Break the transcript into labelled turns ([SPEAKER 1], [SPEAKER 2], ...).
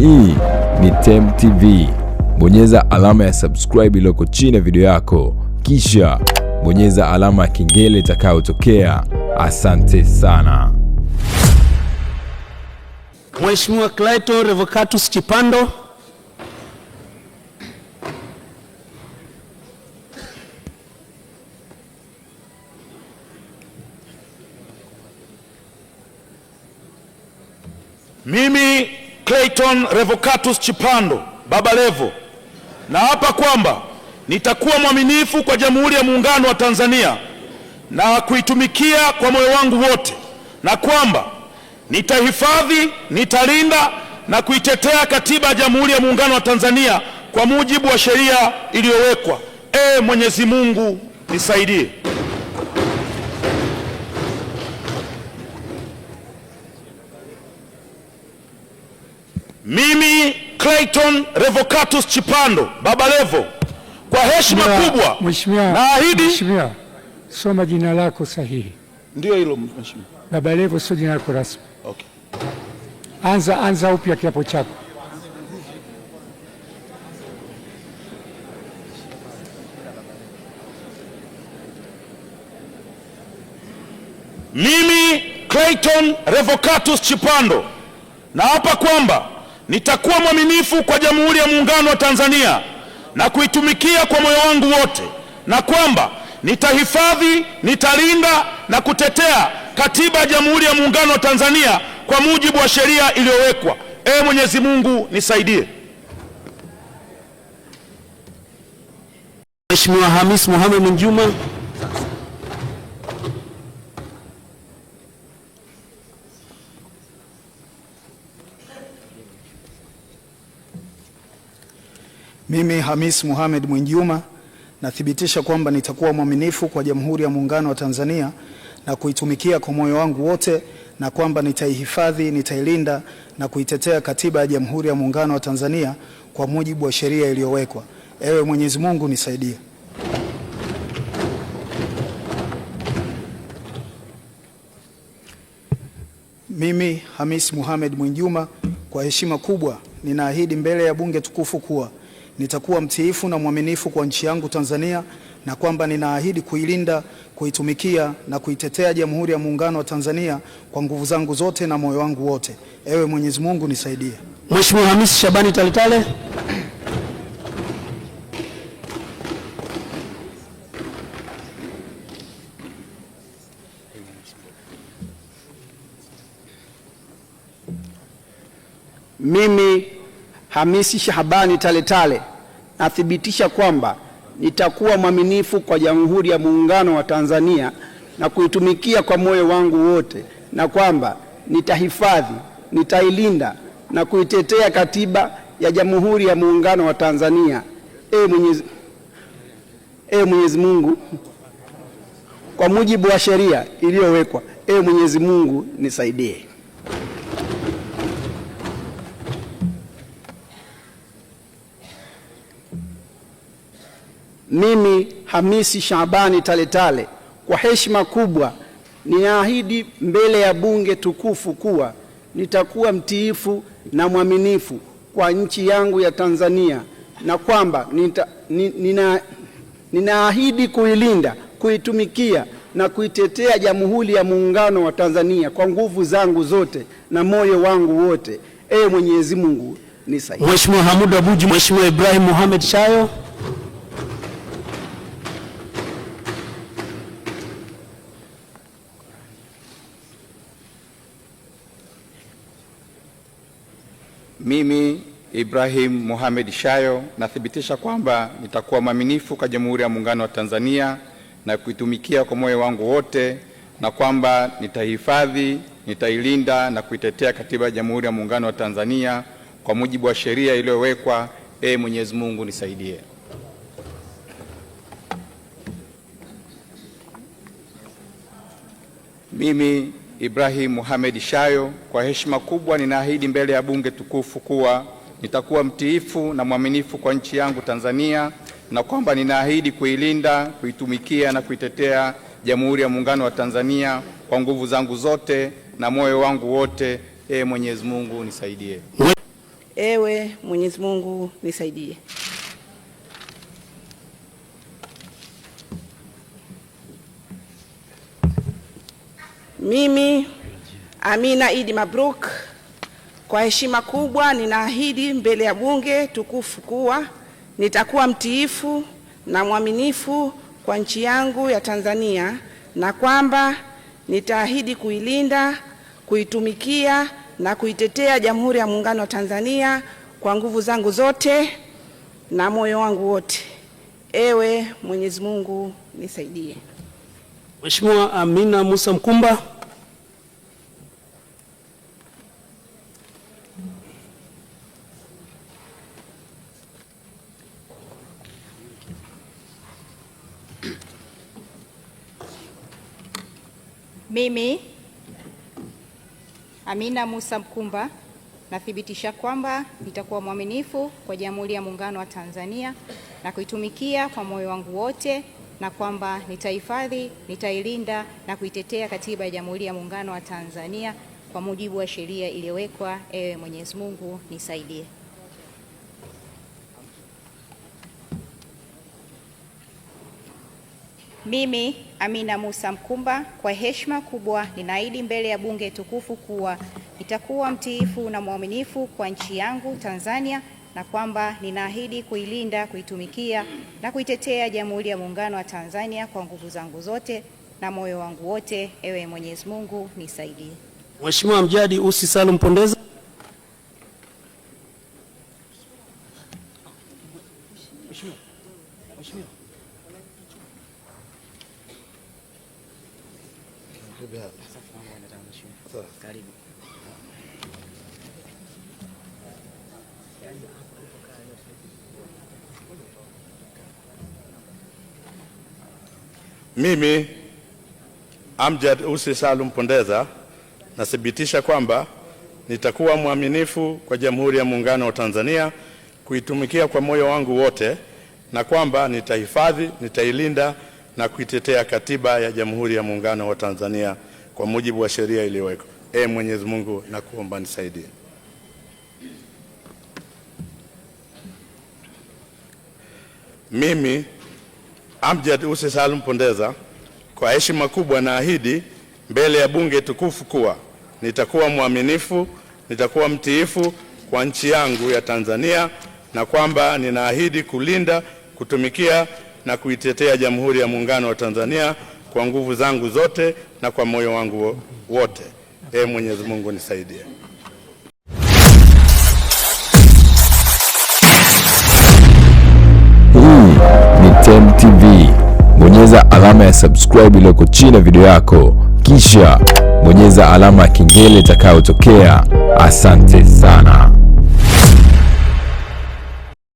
[SPEAKER 1] Hii ni Temu TV. Bonyeza alama ya subscribe iliyoko chini ya video yako, kisha bonyeza alama ya kengele itakayotokea. Asante sana.
[SPEAKER 2] Mheshimiwa Clayton Revocatus Chipando Clayton Revocatus Chipando Baba Levo, na hapa kwamba nitakuwa mwaminifu kwa Jamhuri ya Muungano wa Tanzania na kuitumikia kwa moyo wangu wote, na kwamba nitahifadhi, nitalinda na kuitetea Katiba ya Jamhuri ya Muungano wa Tanzania kwa mujibu wa sheria iliyowekwa. Ee Mwenyezi Mungu nisaidie. Clayton Revocatus Chipando Baba Levo, kwa heshima kubwa naahidi. Mheshimiwa,
[SPEAKER 3] soma jina lako sahihi.
[SPEAKER 2] Ndio hilo Mheshimiwa.
[SPEAKER 3] Baba Levo sio jina lako rasmi. Okay. Anza, anza upya kiapo chako.
[SPEAKER 2] Mimi Clayton Revocatus Chipando naapa kwamba Nitakuwa mwaminifu kwa Jamhuri ya Muungano wa Tanzania na kuitumikia kwa moyo wangu wote, na kwamba nitahifadhi, nitalinda na kutetea Katiba ya Jamhuri ya Muungano wa Tanzania kwa mujibu wa sheria iliyowekwa. Ee Mwenyezi Mungu nisaidie. Mheshimiwa Hamis Mohamed Juma.
[SPEAKER 4] Mimi Hamis Mohamed Mwinjuma nathibitisha kwamba nitakuwa mwaminifu kwa Jamhuri ya Muungano wa Tanzania na kuitumikia kwa moyo wangu wote na kwamba nitaihifadhi, nitailinda na kuitetea Katiba ya Jamhuri ya Muungano wa Tanzania kwa mujibu wa sheria iliyowekwa. Ewe Mwenyezi Mungu nisaidie. Mimi Hamis Mohamed Mwinjuma, kwa heshima kubwa ninaahidi mbele ya Bunge tukufu kuwa nitakuwa mtiifu na mwaminifu kwa nchi yangu Tanzania na kwamba ninaahidi kuilinda, kuitumikia na kuitetea Jamhuri ya Muungano wa Tanzania kwa nguvu zangu zote na moyo wangu wote. Ewe Mwenyezi Mungu nisaidie.
[SPEAKER 2] Mheshimiwa Hamisi Shabani Taletale. Mimi Hamisi Shahabani Taletale, nathibitisha kwamba nitakuwa mwaminifu kwa Jamhuri ya Muungano wa Tanzania na kuitumikia kwa moyo wangu wote, na kwamba nitahifadhi, nitailinda na kuitetea Katiba ya Jamhuri ya Muungano wa Tanzania. Ee Mwenyezi, Ee Mwenyezi Mungu, kwa mujibu wa sheria iliyowekwa. Ee Mwenyezi Mungu nisaidie. mimi Hamisi Shabani Taletale kwa heshima kubwa ninaahidi mbele ya bunge tukufu kuwa nitakuwa mtiifu na mwaminifu kwa nchi yangu ya Tanzania na kwamba nita, nina, ninaahidi kuilinda, kuitumikia na kuitetea Jamhuri ya Muungano wa Tanzania kwa nguvu zangu zote na moyo wangu wote. Ee Mwenyezi Mungu nisaidie. Mheshimiwa hamud Abuji, Mheshimiwa Ibrahim Mohamed Shayo.
[SPEAKER 5] Mimi Ibrahim Mohamed Shayo nathibitisha kwamba nitakuwa mwaminifu kwa Jamhuri ya Muungano wa Tanzania na kuitumikia kwa moyo wangu wote na kwamba nitahifadhi, nitailinda na kuitetea Katiba ya Jamhuri ya Muungano wa Tanzania kwa mujibu wa sheria iliyowekwa. Ee Mwenyezi Mungu nisaidie. Mimi Ibrahim Mohamed Shayo, kwa heshima kubwa ninaahidi mbele ya bunge tukufu kuwa nitakuwa mtiifu na mwaminifu kwa nchi yangu Tanzania na kwamba ninaahidi kuilinda, kuitumikia na kuitetea Jamhuri ya Muungano wa Tanzania kwa nguvu zangu zote na moyo wangu wote. Ee Mwenyezi Mungu nisaidie.
[SPEAKER 6] Ewe Mwenyezi Mungu nisaidie. Mimi Amina Idi Mabruk, kwa heshima kubwa ninaahidi mbele ya bunge tukufu kuwa nitakuwa mtiifu na mwaminifu kwa nchi yangu ya Tanzania na kwamba nitaahidi kuilinda, kuitumikia na kuitetea Jamhuri ya Muungano wa Tanzania kwa nguvu zangu zote na moyo wangu wote. Ewe Mwenyezi Mungu nisaidie.
[SPEAKER 2] Mheshimiwa Amina Musa Mkumba.
[SPEAKER 7] Mimi Amina Musa Mkumba nathibitisha kwamba nitakuwa mwaminifu kwa Jamhuri ya Muungano wa Tanzania na kuitumikia kwa moyo wangu wote na kwamba nitahifadhi, nitailinda na kuitetea Katiba ya Jamhuri ya Muungano wa Tanzania kwa mujibu wa sheria iliyowekwa. Ewe Mwenyezi Mungu nisaidie. Mimi Amina Musa Mkumba, kwa heshima kubwa ninaahidi mbele ya Bunge tukufu kuwa nitakuwa mtiifu na mwaminifu kwa nchi yangu Tanzania na kwamba ninaahidi kuilinda, kuitumikia na kuitetea Jamhuri ya Muungano wa Tanzania kwa nguvu zangu zote na moyo wangu wote. Ewe Mwenyezi Mungu nisaidie.
[SPEAKER 2] Mheshimiwa Mjadi Usi Salum Pondeza.
[SPEAKER 8] Mimi Amjad Ussi Salum Pondeza nathibitisha kwamba nitakuwa mwaminifu kwa Jamhuri ya Muungano wa Tanzania kuitumikia kwa moyo wangu wote na kwamba nitahifadhi, nitailinda na kuitetea Katiba ya Jamhuri ya Muungano wa Tanzania kwa mujibu wa sheria iliyowekwa. Ee Mwenyezi Mungu, nakuomba nisaidie. Mimi Amjad Ussi Salum Pondeza kwa heshima kubwa naahidi mbele ya bunge tukufu kuwa nitakuwa mwaminifu, nitakuwa mtiifu kwa nchi yangu ya Tanzania na kwamba ninaahidi kulinda, kutumikia na kuitetea Jamhuri ya Muungano wa Tanzania kwa nguvu zangu zote na kwa moyo wangu wote. Ee Mwenyezi Mungu nisaidie.
[SPEAKER 1] bonyeza alama ya subscribe iliyoko chini ya video yako, kisha bonyeza alama ya kengele itakayotokea. Asante sana.